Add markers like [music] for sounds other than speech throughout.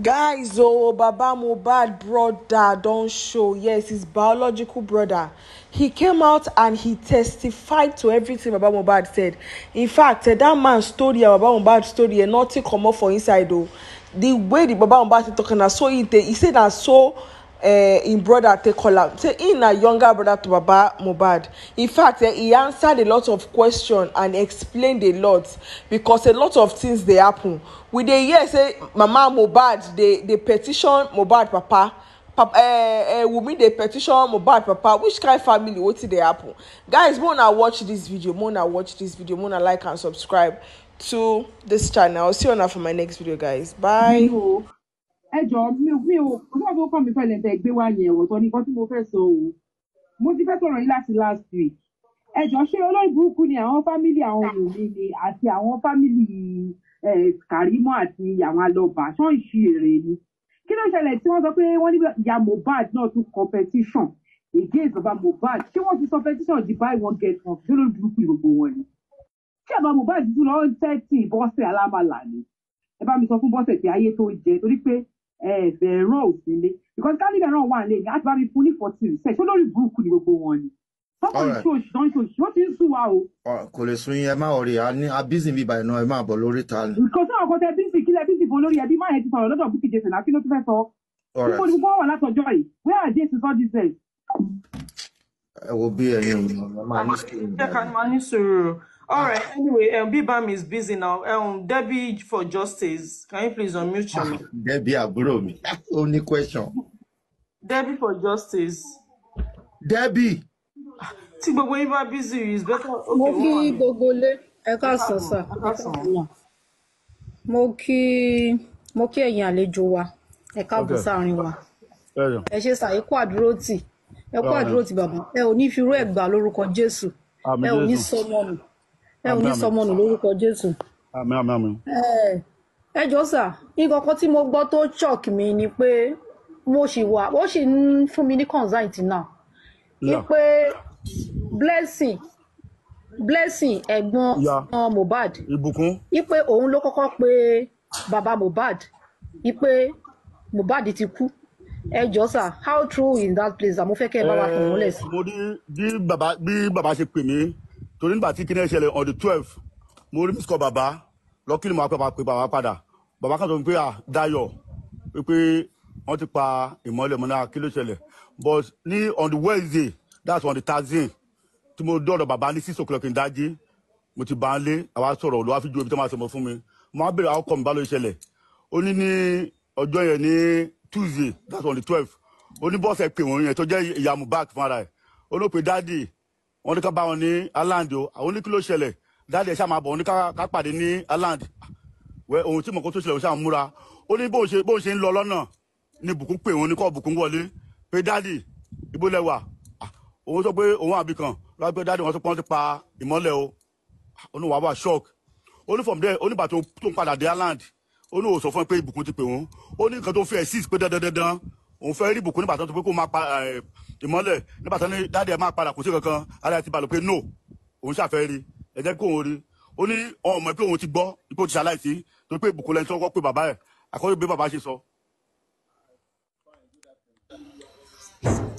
guys oh baba mohbad brother don show yes his biological brother he came out and he testified to everything baba mohbad said in fact eh, that man story eh, baba mohbad story eh, nothing come up for inside oh. the way the baba mohbad dey talk na so he dey he say na so Eh, in brother take call am say im na younger brother to baba mohbad in fact eh, he answered a lot of questions and explained a lot because a lot of things dey happen we dey hear say mama mohbad dey petition mohbad papa eh, wunmi dey petition mohbad papa which kind family wetin dey happen guys more na watch this video more na watch this video more na like and subscribe to this channel i'll see you now for my next video guys bye ẹ jọ mi ò ọjọ́ tó kọ́ mi pẹ̀lẹ́ tẹ́ gbé wá yẹn ọ̀tọ̀ nìkan tí mo fẹ́ sọ o mo ti fẹ́ sọ̀rọ̀ yín láti last week ẹ jọ ṣé olórí burúkú ni àwọn fámìlì àwọn òní ni àti àwọn fámìlì Kàrímọ́ àti àwọn alọ́ba ṣọ́n ìṣirè ni kí ló ṣẹlẹ̀ tí wọ́n sọ pé wọ́n ní ìyá Mohbad náà tún competition against baba Mohbad ṣé wọ́n ti sọ competition di buy one get one ṣé olórí burúkú gbogbo wọn ni kí baba Mohbad tún lọ́ọ́ tẹ́tì bọ́sẹ̀ alámàlà ni ẹ bá mi sọ fún bọ́sẹ̀ tí ayé tó jẹ torí pé ẹ̀ẹ́dẹ̀ẹ̀rán òfin lé because candidate náà wà lẹ́yìn láti bá mi fún ní forty research olórí burúkú ni gbogbo wọn ni tọkùnrin tí oṣù tán ṣe oṣù ó ti ń sùn wa o. kò lè sun yín ẹ má ọ̀rẹ́ a ní a bísí bíbá iná ẹ má bọ̀ lórí ta ni. kò sí àwọn kọtẹ bísí kílẹ̀ bísí fún olórí ẹbí máa yẹn ti sọ̀rọ̀ lọ́dọ̀ Bukky Jease láti ló ti fẹ́ sọ. níbo ni gbogbo wà látọjọ́ yìí where are they to sọ this ẹ. ẹ wo bí ẹyin ọmọ máa ní sùúrù. ẹ máa ní sùúrù. All right. Anyway, um, Bibam is busy now. Um, Debbie for Justice, can you please unmute your [laughs] Debbie bro, me. Only question. Debbie for Justice. Debbie. Tí gbogbo yín bá busy It's better. Moki, kí gbogbo lé. Ẹ káàsán sà. Ẹ káàsán. Mo kí mo kí ẹ̀yin àlejò wa. Ẹ káàbọ̀ sáàrin wa. Ẹ ṣe sà, ẹ kú oni tì. Ẹ ẹ ò ní sọmọ nù lórúkọ jésù. àmín àmín àmín. ẹ jọ sà nǹkan kan tí mo gbọ́ tó shock mi ni pé mo sì wà ó sì ń fún mi ní consent náà ni pé blessing blessing ẹ̀gbọ́n mohbad ìbùkún ipe òun ló kọ́kọ́ pé baba mohbad ipe mohbad ti kú ẹ jọ sà how true is that place àmọ́ bá wa fún un lẹ́sìn. mo ní bí bàbá bí bàbá ṣe pè mí torí nígbà tí kíní ṣẹlẹ̀ on the twelve mo rí miss call bàbá lọ́kìlì mo apẹ́ pé bàbá padà bàbá kan tó ń pè à Dayọ̀ pé ah, wọ́n ti pa ìmọ̀lẹ̀ mọ́ná kí ṣẹlẹ̀ but ní on the Wednesday that's on the Thursday tí mo dọ̀dọ̀ bàbá ní six o'clock ìdájí mo ti bá ń lé àwa sọ̀rọ̀ olùwà fi ju ibi tí wọ́n máa sọ̀rọ̀ fún mi mo á bèrè àwọn kọ́ mi ló ṣẹlẹ̀ ó ní ní ọjọ́ yẹn ní Tuesday that's on the twelve ó ní bọ́ọ̀sì ẹ̀ pè wọ́n yẹn tó jẹ́ ìyá Mohbad fúnra ẹ̀ ó ló pe dáàdì wọ́n ní ká bá wọn ní Ireland o àwọn ní kí ló ṣẹlẹ̀ dáadé ṣáà máa bọ̀ wọ́n ní ká pàdé ní Ireland wẹ ohun tí mọ̀kó tó ṣẹlẹ̀ ó ṣáà múra ó ní bóun ṣe bóun ṣe ń lọ lọ́nà ni bùkún pè wọ́n ní kọ́ bùkún wọlé pé dáàdì ibo lẹ wà ah, òun sọ pé òun àbí kan lọ́wọ́ pé dáàdì wọn sọ pé wọ́n ti pa ìmọ́lẹ̀ o oníwà ah, wà shock ó ní from there oníbà tó ń padà dé Ireland ó ní òsọ fún pé ìbùkún ti pè wọ́n ó ní nǹkan tó fẹ́ six pé dandandandan òun fẹ́ rí ìbùkún nígbà tó pé kó máa pa eh, ìmọ́lẹ̀ nígbà tán ní dáàdì ẹ̀ máa padà kò sí kankan ara ẹ̀ ti balẹ̀ pé no òun ṣàfẹ́ rí ẹ jẹ́ kí òun rí ó ní ọmọ pé òun ti gbọ́ ipò ti ṣaláìsí torí pé ìbùkún lẹ́ni tí wọ́n kọ́ pé bàbá ẹ̀ àkọ́rí bí bàbá ṣe sọ.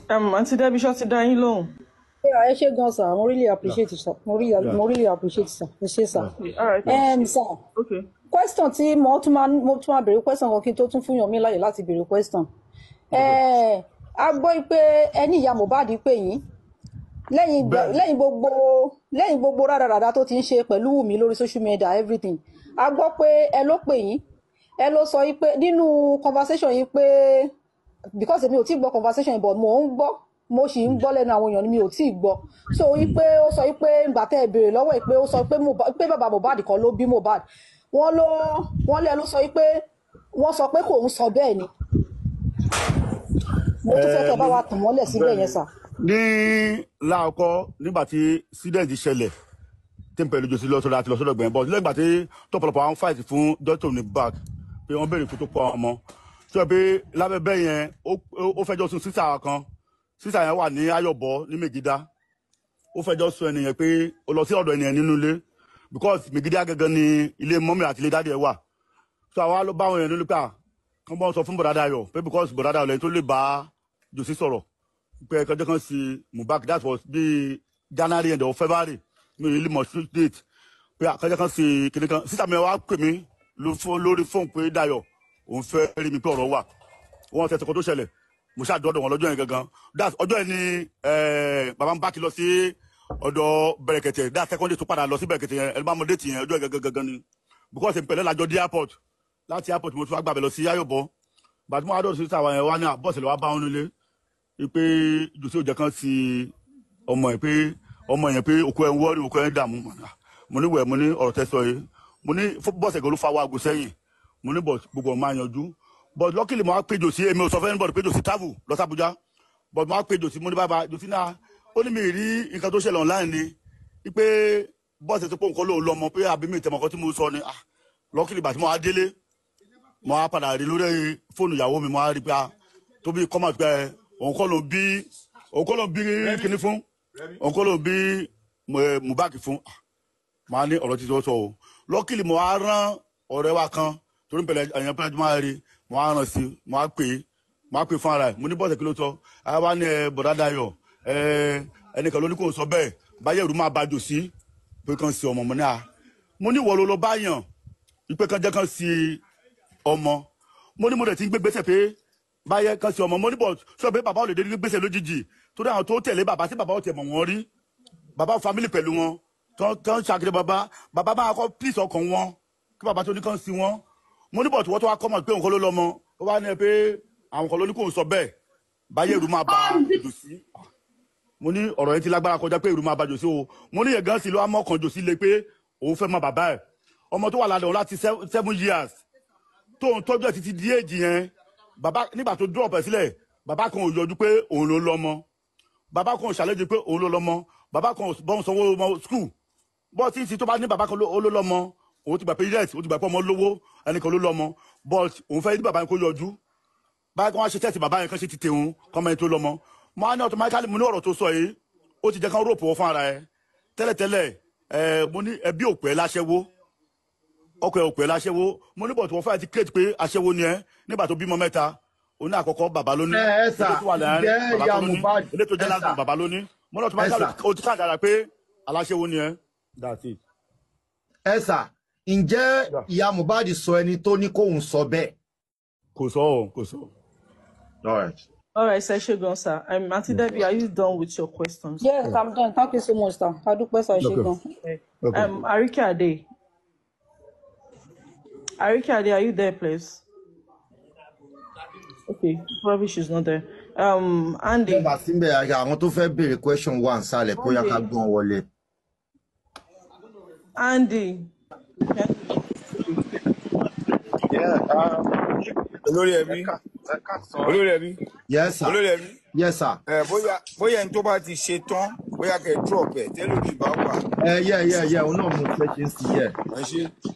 àǹtí Débí ṣọ́ ti dá yín lóhùn. ẹ ṣe gan sir mo really appreciate sir mo really mo really appreciate sir ẹ ṣe sir. sir question tí mo tún máa béèrè question kan kí n tó tún fún yàn mí láyè láti béèrè question. Eh, a gbọ́ pé ẹni ìyá Mohbad pè yín lẹ́yìn gbogbo lẹ́yìn gbogbo rádaràda tó ti ń ṣe pẹ̀lú Wùmí lórí social media everything a gbọ́ pé ẹ ló pè yín ẹ ló sọ yín pé nínú conversation yín pé because èmi ò tí gbọ́ conversation yìí but mò ń gbọ́ mo sì ń gbọ́ lẹ́nu àwọn èèyàn ni mi ò tí gbọ́ so wípé ó sọ wípé ìgbà tẹ́ ẹ béèrè lọ́wọ́ ẹ̀ pé ó sọ pé bàbá Mohbad kan ló bí Mohbad wọ́n ló wọ́n lẹ́ sọ wípé wọ́n sọ pé kò ń sọ bẹ́ẹ̀ ni mo tún fẹ́ kẹ́ bá wa tàn mọ́lẹ̀ síbẹ̀ yẹn sà. ní láàkọ́ nígbà tí sídẹ̀ǹtì ṣẹlẹ̀ tí n pẹ̀lú jòsí lọ́sọ̀rọ̀ àti lọ́sọ̀rọ̀ gbẹ̀yìn bọ́ lẹ́gbà tí tọ́pọ̀lọpọ̀ àwọn fáìtì fún dọ́tò ní back pé wọ́n béèrè kó tó pọ̀ ọmọ tí wọ́n pé lábẹ́ bẹ́ẹ̀ yẹn ó fẹjọ́ sùn sísà kan sísà yẹn wà ní ayọ̀bọ ní mègídá ó fẹjọ́ sùn ẹnìyẹn pé ó lọ sí ọ̀dọ̀ ẹnìyẹn nínú ilé because mègídá gẹ́gẹ́ ni ilé mọ́mì àti ilé dádì ẹ̀ wà so àwa ló bá àwọn èèyàn lólùkà kán bọ́ sọ fún bọ̀dádá yọ pé because bọ̀dádá yọ lẹ́yìn tó lè bá jòsí sọ̀rọ̀ pé ẹ̀ka jẹ́kan sí Mohbad that was bí January and February mi ò lè mọ̀ sí date pé ẹ̀ka jẹ́kan sí kìnìún kan sísà mi wá pè mí lórí fóònù pé Dayọ̀ òun fẹ́ rí mi pé ọ̀rọ̀ wà wọ́n tẹ̀sán kan tó ṣẹlẹ̀ mo ṣàdọ́dọ̀ wọn lọ́jọ́ yẹn gangan that ọjọ́ yẹn ni bàbá ń bá kí lọ sí ọ̀dọ̀ Bẹ̀rẹ̀kẹ̀tẹ̀ that second day tó padà lọ sí Bẹ̀rẹ̀kẹ̀tẹ̀ yẹn ẹni bá mo déètì yẹn ọjọ́ yẹn gangan gangan ni because ìpẹ̀lẹ́ làjọ dé airport láti airport mo tún wá gbàgbẹ́ lọ sí Ayọ̀bọ gbàtí mo wá dọ̀tí sísà wa yẹn ah, wá ní àbọ̀sẹ̀ lọ́wọ́ bá wọn nílé pé jòsí òjá kan sí ọmọ yẹn pé ọmọ yẹn pé òkú ẹ̀ ń wọ́ọ̀rì òkú ẹ̀ ń dààmú mo ní wẹ̀ mo ní ọ̀rọ̀ tẹ́ sọ yìí mo ní bọ́ọ̀sì ẹ̀gẹ́ ló fa waago sẹ́yìn mo ní gbogbo ọ̀ máa yanjú but luckily mo wá pé jòsí èmi ò sọ fẹ́ anybody pé jòsí travel lọ sí Abuja but mo wá pé jòsí mo ní bàbá jòsí náà ó ní mi rí nǹkan tó ṣẹlẹ̀ online ni pé bọ́ọ̀sì tó pọ̀ nǹkan lòun lọ́mọ pé àbí mi ìtẹ̀mọ̀kọ́ tí mo sọ ni ah, luckily bàtí mo wá délé mo wá padà rí lórí fóònù ìyàwó mi mo wá rí pé ah, tóbi kọ́mọ̀ pé Onkolo bi, onkolo bi òun kọ́ ló bí kíní fún òun kọ́ ló bí Mohbad fún ah, màá ní ọ̀rọ̀ títí ó sọ o lọ́kìlì mo á rán ọ̀rẹ́ wa kan torí pẹ̀lẹ́ àyàn pẹ̀lẹ́ tó máa rí mo á rán sí mo á pè é mo á pè fún ara ẹ̀ mo ní bọ́ọ̀sẹ̀ kí ara wa ní ẹ bọ̀dá Dayọ̀ ẹ ẹnìkan ló ní kò sọ bẹ́ẹ̀ báyẹ̀ ìrú máa bàjò sí pé kàn sí ọmọ mo ní a mo ní ìwọ ló lọ báyàn ìpè kan jẹ́ kàn sí ọmọ mo ní mo dẹ̀ ti ń gbé gbèsè pé báyẹ kan sí ọmọ mo sọ pé bàbá ò lè dé ní gbèsè lójijì torí àwọn tó tẹ̀lé bàbá sí bàbá ò tẹ̀ mọ̀ wọ́n rí bàbá family pẹ̀lú wọn tó ń ṣàkiri bàbá bàbá máa kọ́ píìsì ọkàn wọn kí bàbá tó ní kàn sí wọn mo tí wọ́n tó wá kọ́ mọ̀ pé òǹkọ́ ló lọ́mọ ó wá ní ẹ pé àwọn kan ló ní kò ń sọ bẹ́ẹ̀ báyé ìrù máa bá jòsí mo ní ọ̀rọ̀ yẹn ti lágbára kọjá pé ìrù máa bá jòsí o mo ní yẹn sí ló wá mọ́ kan jòsí le pé òun fẹ́ mọ bàbá ẹ̀ ọmọ tó wà ládàá láti seven years tóun tọ́jú ẹ̀ títí di èjì yẹn Baba, nígbà tó drop ẹ̀ sílẹ̀ Baba kan ò yọjú pé òun ló lọ́mọ bàbá kan ò ṣàlejò pé òun ló lọ́mọ bàbá kan ò bọ́n sanwó ọmọ skul bọ́ọ̀ tí ń ti tó bá ní bàbá kan ló lọ́mọ òun ti gbà pé òun ti gbà pé ọmọ lówó ẹnìkan ló lọ́mọ but òun fẹ́ ní bàbá yẹn kó yọjú báyìí kan wá ṣe tẹ́sí bàbá yẹn kan ṣe ti tèun kọ́mọ yẹn tó lọ́mọ mo á ní automatically mo ní ọ̀rọ̀ tó sọ yìí ó ti jẹ́ kán rò pọ̀ fún ara ẹ tẹ́lẹ̀tẹ́lẹ̀ ẹ mo ní ẹbí òpẹ́ láṣẹ́wó ọkọ ẹ ò pè é láṣẹ́wó mo ní bọ̀tù wọ́n fẹ́ẹ́ ti kéètì pé aṣẹ́wó ni ẹ nígbà tó bímọ mẹ́ta oní àkọ́kọ́ bàbá lóní ilé tó wà lẹ́rìn bàbá lóní ilé tó jẹ́ lásán bàbá lóní mo lọ́ọ́ tó máa ń sáré ká dára pé aláṣẹ́wó ni ẹ. ẹ sà ǹjẹ́ ìyá Mohbad sọ ẹni tó ní kóun sọ bẹ́ẹ̀. kò sọ o kò sọ. all right. All right, sir, I'm sir. Um, Auntie Debbie, are you done with your questions? Yes, I'm done. Thank you so much, sir. Adúpẹ́, sir, Shegun. Okay. Um, Arike Ade, Arikade, are you there, please? Okay, probably she's not there. Um, Andy. Bẹ́ẹ̀ bá sí ń bẹ̀rẹ̀ àwọn tó fẹ́ question wà ń sálẹ̀ Andy. Um, Olórí ẹ̀mí. Olórí ẹ̀mí. Yes sir. Olórí ẹ̀mí. Yes sir. Ẹ bóyá bóyá ẹni tó bá ti ṣe tán bóyá kẹ́ drop ẹ̀ tẹ́lẹ̀ òbí bá yeah. Ẹ yẹ yẹ yẹ òun náà mo